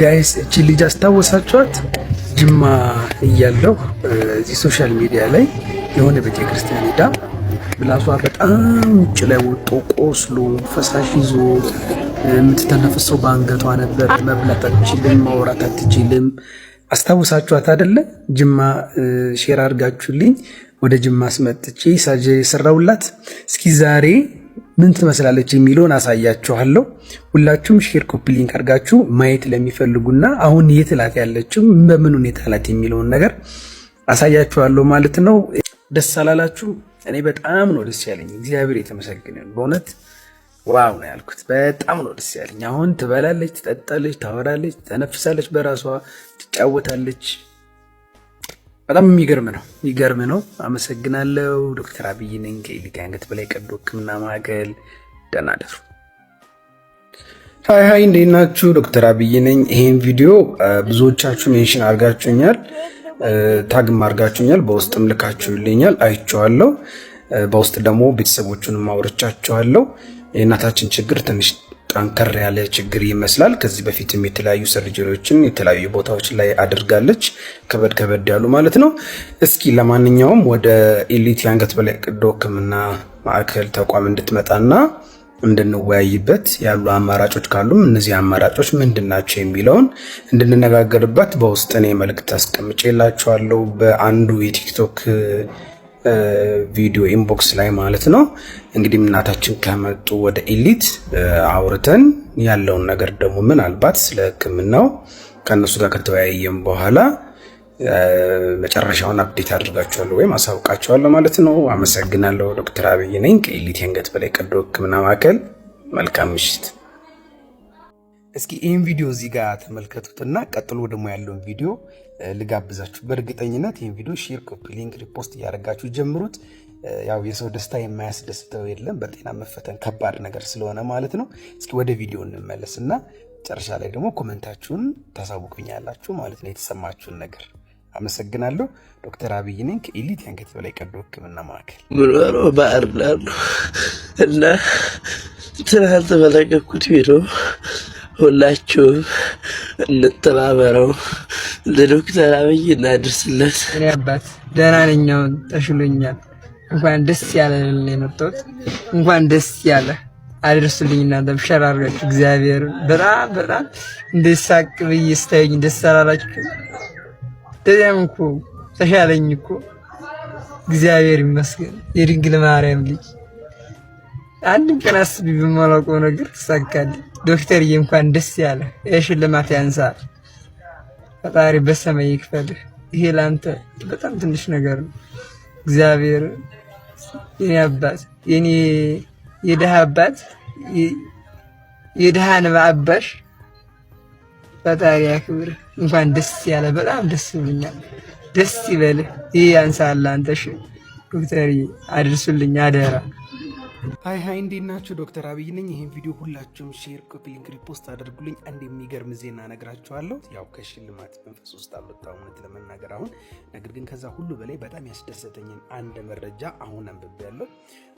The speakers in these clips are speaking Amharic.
ጋይስ እቺ ልጅ አስታወሳችኋት? ጅማ እያለሁ እዚህ ሶሻል ሚዲያ ላይ የሆነ ቤተክርስቲያን ሄዳ ምላሷ በጣም ውጭ ላይ ወጦ ቆስሎ ፈሳሽ ይዞ የምትተነፍሰው በአንገቷ ነበር። መብላት አትችልም፣ ማውራት አትችልም። አስታወሳችኋት አይደለ? ጅማ ሼር አድርጋችሁልኝ ወደ ጅማ አስመጥቼ ሳጀ የሰራውላት እስኪ ዛሬ ምን ትመስላለች የሚለውን አሳያችኋለሁ። ሁላችሁም ሼር ኮፒ ሊንክ አድርጋችሁ ማየት ለሚፈልጉና አሁን የት ላት ያለችው በምን ሁኔታ ላት የሚለውን ነገር አሳያችኋለሁ ማለት ነው። ደስ አላላችሁ? እኔ በጣም ነው ደስ ያለኝ። እግዚአብሔር የተመሰገነ በእውነት ዋው ነው ያልኩት። በጣም ነው ደስ ያለኝ። አሁን ትበላለች፣ ትጠጣለች፣ ታወራለች፣ ተነፍሳለች፣ በራሷ ትጫወታለች። በጣም የሚገርም ነው የሚገርም ነው። አመሰግናለሁ። ዶክተር አብይ ነኝ ከኢሊት አንገት በላይ ቀዶ ሕክምና ማዕከል ደህና ደሩ። ሀይ ሀይ፣ እንዴት ናችሁ? ዶክተር አብይ ነኝ። ይሄን ቪዲዮ ብዙዎቻችሁ ሜንሽን አድርጋችሁኛል፣ ታግም አድርጋችሁኛል፣ በውስጥም ልካችሁልኛል፣ አይቼዋለሁ። በውስጥ ደግሞ ቤተሰቦቹንም አውርቻችኋለሁ። የእናታችን ችግር ትንሽ ጠንከር ያለ ችግር ይመስላል። ከዚህ በፊትም የተለያዩ ሰርጀሪዎችን የተለያዩ ቦታዎች ላይ አድርጋለች፣ ከበድ ከበድ ያሉ ማለት ነው። እስኪ ለማንኛውም ወደ ኢሊት የአንገት በላይ ቀዶ ሕክምና ማዕከል ተቋም እንድትመጣና እንድንወያይበት ያሉ አማራጮች ካሉም እነዚህ አማራጮች ምንድን ናቸው የሚለውን እንድንነጋገርበት በውስጥ እኔ መልእክት አስቀምጬላችኋለሁ። በአንዱ የቲክቶክ ቪዲዮ ኢንቦክስ ላይ ማለት ነው። እንግዲህ እናታችን ከመጡ ወደ ኤሊት አውርተን ያለውን ነገር ደግሞ ምናልባት ስለ ሕክምናው ከእነሱ ጋር ከተወያየም በኋላ መጨረሻውን አፕዴት አድርጋችኋለሁ ወይም አሳውቃችኋለሁ ማለት ነው። አመሰግናለሁ። ዶክተር አብይ ነኝ ከኤሊት የአንገት በላይ ቀዶ ሕክምና ማዕከል። መልካም ምሽት። እስኪ ይህን ቪዲዮ እዚህ ጋር ተመልከቱትና ቀጥሎ ደግሞ ያለውን ቪዲዮ ልጋብዛችሁ። በእርግጠኝነት ይህን ቪዲዮ ሼር፣ ኮፒ ሊንክ፣ ሪፖስት እያደረጋችሁ ጀምሩት። ያው የሰው ደስታ የማያስደስተው የለም። በጤና መፈተን ከባድ ነገር ስለሆነ ማለት ነው። እስኪ ወደ ቪዲዮ እንመለስ እና መጨረሻ ላይ ደግሞ ኮመንታችሁን ታሳውቁኛላችሁ ማለት ነው የተሰማችሁን ነገር። አመሰግናለሁ። ዶክተር አብይ ነኝ ከኢሊት የአንገት በላይ ቀዶ ሕክምና ማዕከል ምኖሮ ባህር ዳር ነው እና ትናንት በለቀኩት ቪዲዮ ሁላችሁም እንተባበረው ለዶክተር አብይ እናድርስለት። እኔ አባት ደህና ነኝ፣ አሁን ተሽሎኛል። እንኳን ደስ ያለ የመጣሁት እንኳን ደስ ያለ አድርሱልኝ። እናንተ ብሻራ አድርጋችሁ እግዚአብሔር በጣም በጣም እንደሳቅ ብዬ ስታየኝ ደስ አላላችሁ? እንደዚያም እኮ ተሻለኝ እኮ እግዚአብሔር ይመስገን። የድንግል ማርያም ልጅ አንድም ቀን አስቢ፣ በማላውቀው ነገር ተሳካልኝ። ዶክተርዬ እንኳን ደስ ያለ የሽልማት ያንሳል። ፈጣሪ በሰማይ ይክፈልህ። ይሄ ለአንተ በጣም ትንሽ ነገር ነው። እግዚአብሔር የኔ አባት የኔ የድሃ አባት የድሃ ንባ አባሽ ፈጣሪ ያክብር። እንኳን ደስ ያለ በጣም ደስ ብሎኛል። ደስ ይበልህ። ይህ ያንሳል አንተሽ ዶክተር አድርሱልኝ አደራ። ሀይ ሀይ እንዴት ናችሁ? ዶክተር አብይ ነኝ። ይህን ቪዲዮ ሁላችሁም ሼር፣ ኮፒ ሊንክ፣ ሪፖስት አድርጉልኝ። አንድ የሚገርም ዜና ነግራችኋለሁ። ያው ከሽልማት መንፈስ ውስጥ አልወጣሁ እውነት ለመናገር አሁን። ነገር ግን ከዛ ሁሉ በላይ በጣም ያስደሰተኝን አንድ መረጃ አሁን አንብቤያለሁ።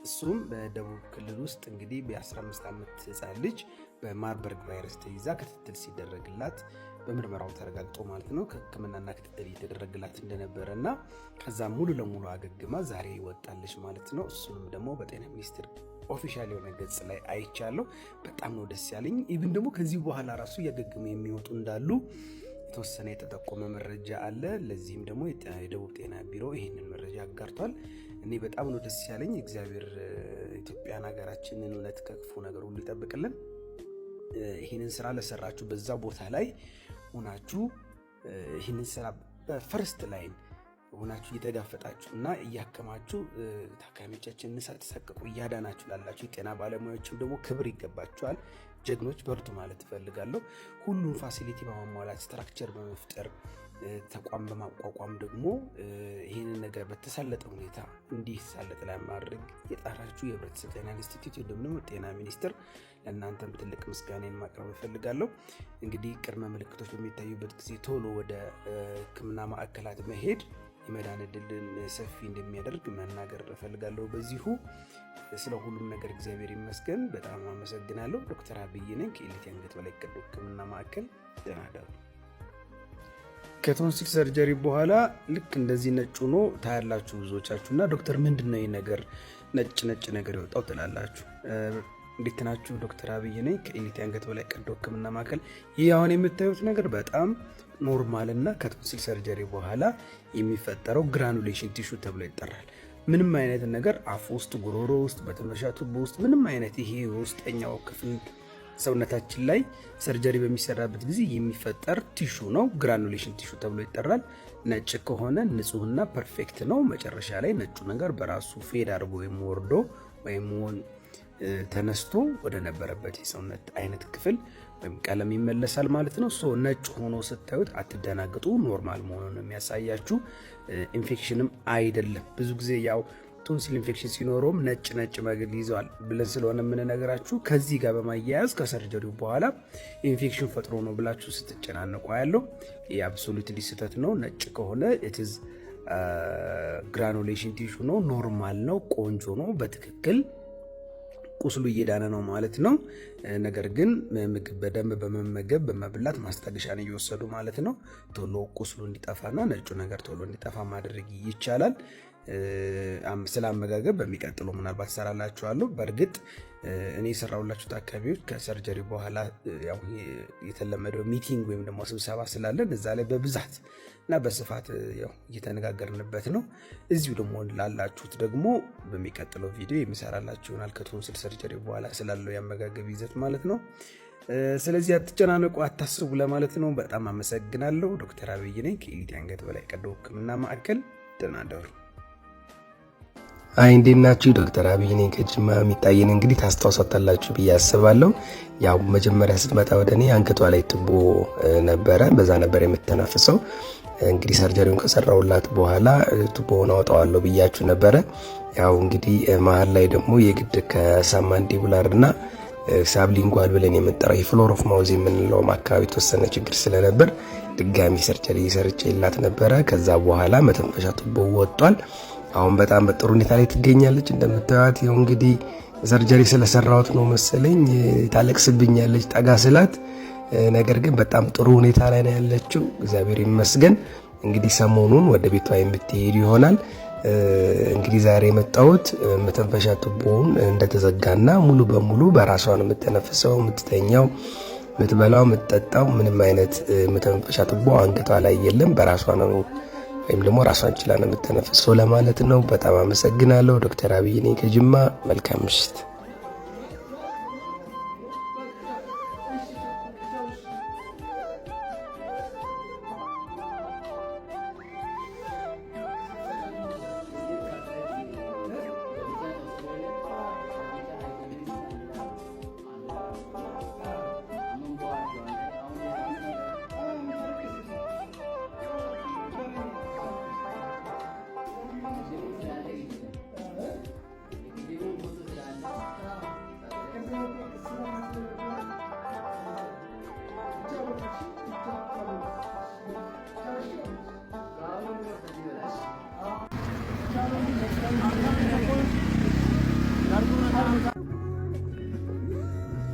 እሱም በደቡብ ክልል ውስጥ እንግዲህ በ15 ዓመት ህፃን ልጅ በማርበርግ ቫይረስ ተይዛ ክትትል ሲደረግላት በምርመራው ተረጋግጦ ማለት ነው ከህክምናና ክትትል እየተደረገላት እንደነበረ እና ከዛ ሙሉ ለሙሉ አገግማ ዛሬ ይወጣለች ማለት ነው። እሱንም ደግሞ በጤና ሚኒስቴር ኦፊሻል የሆነ ገጽ ላይ አይቻለሁ። በጣም ነው ደስ ያለኝ። ኢቭን ደግሞ ከዚህ በኋላ ራሱ እያገግሙ የሚወጡ እንዳሉ የተወሰነ የተጠቆመ መረጃ አለ። ለዚህም ደግሞ የደቡብ ጤና ቢሮ ይህንን መረጃ አጋርቷል። እኔ በጣም ነው ደስ ያለኝ። እግዚአብሔር ኢትዮጵያን ሀገራችንን እውነት ከክፉ ነገር ሁሉ ይጠብቅልን። ይህንን ስራ ለሰራችሁ በዛ ቦታ ላይ ሆናችሁ ይህንን ስራ በፈርስት ላይን ሆናችሁ እየተጋፈጣችሁ እና እያከማችሁ ታካሚዎቻችንን ተሳቀቁ እያዳናችሁ ላላችሁ የጤና ባለሙያዎችም ደግሞ ክብር ይገባችኋል። ጀግኖች በርቱ ማለት እፈልጋለሁ። ሁሉም ፋሲሊቲ በማሟላት ስትራክቸር በመፍጠር ተቋም በማቋቋም ደግሞ ይህንን ነገር በተሳለጠ ሁኔታ እንዲሳለጥ ለማድረግ የጣራችሁ የህብረተሰብ ጤና ኢንስቲትዩት ወይም ደግሞ ጤና ሚኒስቴር ለእናንተም ትልቅ ምስጋና ማቅረብ እፈልጋለሁ። እንግዲህ ቅድመ ምልክቶች በሚታዩበት ጊዜ ቶሎ ወደ ሕክምና ማዕከላት መሄድ የመዳን ዕድልን ሰፊ እንደሚያደርግ መናገር እፈልጋለሁ። በዚሁ ስለ ሁሉም ነገር እግዚአብሔር ይመስገን። በጣም አመሰግናለሁ። ዶክተር አብይ ነኝ ከኢሊት አንገት በላይ ቀዶ ሕክምና ማዕከል ደናደሩ ከቶንሲል ሰርጀሪ በኋላ ልክ እንደዚህ ነጭ ሆኖ ታያላችሁ ብዙዎቻችሁ እና ዶክተር ምንድን ነው ይህ ነገር ነጭ ነጭ ነገር የወጣው ትላላችሁ። እንዴት ናችሁ። ዶክተር አብይ ነኝ ከኢሊቲ አንገት በላይ ቀዶ ሕክምና ማዕከል። ይህ አሁን የምታዩት ነገር በጣም ኖርማል እና ከቶንሲል ሰርጀሪ በኋላ የሚፈጠረው ግራኑሌሽን ቲሹ ተብሎ ይጠራል። ምንም አይነት ነገር አፍ ውስጥ፣ ጉሮሮ ውስጥ፣ በትንፈሻ ቱቦ ውስጥ ምንም አይነት ይሄ ውስጠኛው ክፍል ሰውነታችን ላይ ሰርጀሪ በሚሰራበት ጊዜ የሚፈጠር ቲሹ ነው። ግራኑሌሽን ቲሹ ተብሎ ይጠራል። ነጭ ከሆነ ንጹህና ፐርፌክት ነው። መጨረሻ ላይ ነጩ ነገር በራሱ ፌድ አድርጎ ወይም ወርዶ ወይም ተነስቶ ወደ ነበረበት የሰውነት አይነት ክፍል ወይም ቀለም ይመለሳል ማለት ነው። ሶ ነጭ ሆኖ ስታዩት አትደናግጡ። ኖርማል መሆኑን የሚያሳያችሁ ኢንፌክሽንም አይደለም። ብዙ ጊዜ ያው ቶንሲል ኢንፌክሽን ሲኖረውም ነጭ ነጭ መግል ይዘዋል ብለን ስለሆነ የምንነግራችሁ ከዚህ ጋር በማያያዝ ከሰርጀሪው በኋላ ኢንፌክሽን ፈጥሮ ነው ብላችሁ ስትጨናነቁ ያለው ይህ አብሶሉትሊ ስህተት ነው። ነጭ ከሆነ ኢትዝ ግራኑሌሽን ቲሹ ነው፣ ኖርማል ነው፣ ቆንጆ ነው፣ በትክክል ቁስሉ እየዳነ ነው ማለት ነው። ነገር ግን ምግብ በደንብ በመመገብ በመብላት ማስታገሻን እየወሰዱ ማለት ነው ቶሎ ቁስሉ እንዲጠፋና ነጩ ነገር ቶሎ እንዲጠፋ ማድረግ ይቻላል። ስለ አመጋገብ በሚቀጥለው ምናልባት እሰራላችኋለሁ። በእርግጥ እኔ የሰራሁላችሁት አካባቢዎች ከሰርጀሪ በኋላ የተለመደው ሚቲንግ ወይም ደግሞ ስብሰባ ስላለን እዛ ላይ በብዛት እና በስፋት እየተነጋገርንበት ነው። እዚሁ ደግሞ ላላችሁት ደግሞ በሚቀጥለው ቪዲዮ የሚሰራላችሁ ይሆናል ሰርጀሪ በኋላ ስላለው የአመጋገብ ይዘት ማለት ነው። ስለዚህ አትጨናነቁ፣ አታስቡ ለማለት ነው። በጣም አመሰግናለሁ። ዶክተር አብይ ነኝ ከኢሊቲ አንገት በላይ ቀዶ ሕክምና ማዕከል። ደህና ደሩ። አይ እንዴት ናችሁ? ዶክተር አብይ እኔ ከጅማ። የሚታየን እንግዲህ ታስታውሳታላችሁ ብዬ አስባለሁ። ያው መጀመሪያ ስትመጣ ወደ እኔ አንገቷ ላይ ትቦ ነበረ፣ በዛ ነበር የምትተናፍሰው። እንግዲህ ሰርጀሪውን ከሰራውላት በኋላ ቱቦውን አወጣዋለሁ ብያችሁ ነበረ። ያው እንግዲህ መሀል ላይ ደግሞ የግድ ከሳማንዲቡላር እና ሳብሊንጓል ብለን የምንጠራው የፍሎር ኦፍ ማውዝ የምንለውም አካባቢ የተወሰነ ችግር ስለነበር ድጋሚ ሰርጀሪ ሰርቼ ላት ነበረ። ከዛ በኋላ መተንፈሻ ቱቦ ወጥቷል። አሁን በጣም በጥሩ ሁኔታ ላይ ትገኛለች። እንደምታዩት ይኸው እንግዲህ ሰርጀሪ ስለሰራሁት ነው መሰለኝ ታለቅስብኛለች ጠጋ ስላት። ነገር ግን በጣም ጥሩ ሁኔታ ላይ ነው ያለችው፣ እግዚአብሔር ይመስገን። እንግዲህ ሰሞኑን ወደ ቤቷ የምትሄድ ይሆናል። እንግዲህ ዛሬ የመጣሁት መተንፈሻ ቱቦውን እንደተዘጋና ሙሉ በሙሉ በራሷ ነው የምትተነፍሰው፣ የምትተኛው፣ የምትበላው፣ የምትጠጣው ምንም አይነት መተንፈሻ ቱቦ አንገቷ ላይ የለም፣ በራሷ ነው ወይም ደግሞ ራሷን ችላ ነው ለማለት ነው። በጣም አመሰግናለሁ ዶክተር አብይ ነኝ ከጅማ። መልካም ምሽት።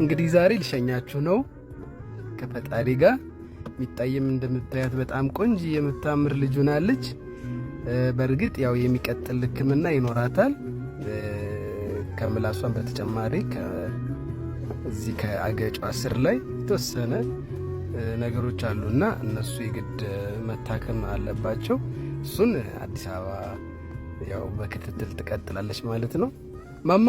እንግዲህ ዛሬ ልሸኛችሁ ነው ከፈጣሪ ጋር። የሚታየም እንደምታያት በጣም ቆንጂ የምታምር ልጅ ሆናለች። በእርግጥ ያው የሚቀጥል ሕክምና ይኖራታል። ከምላሷን በተጨማሪ እዚህ ከአገጯ ስር ላይ የተወሰነ ነገሮች አሉና እነሱ የግድ መታከም አለባቸው። እሱን አዲስ አበባ ያው በክትትል ትቀጥላለች ማለት ነው ማማ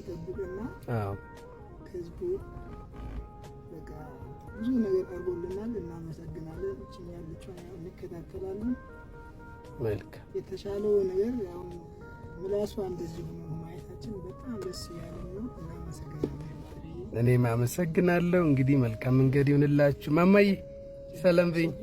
ህዝቡ ብዙ ነገር አድርጎልናል። እናመሰግናለን። እንከታተላለን። መልካም የተሻለው ነገር ምላሷ እንደዚህ ሆኖ ማየታችን በጣም ደስ ነው። እናመሰግናለን። እኔም አመሰግናለሁ። እንግዲህ መልካም መንገድ ይሁንላችሁ። ማማይ ሰላም በይኝ።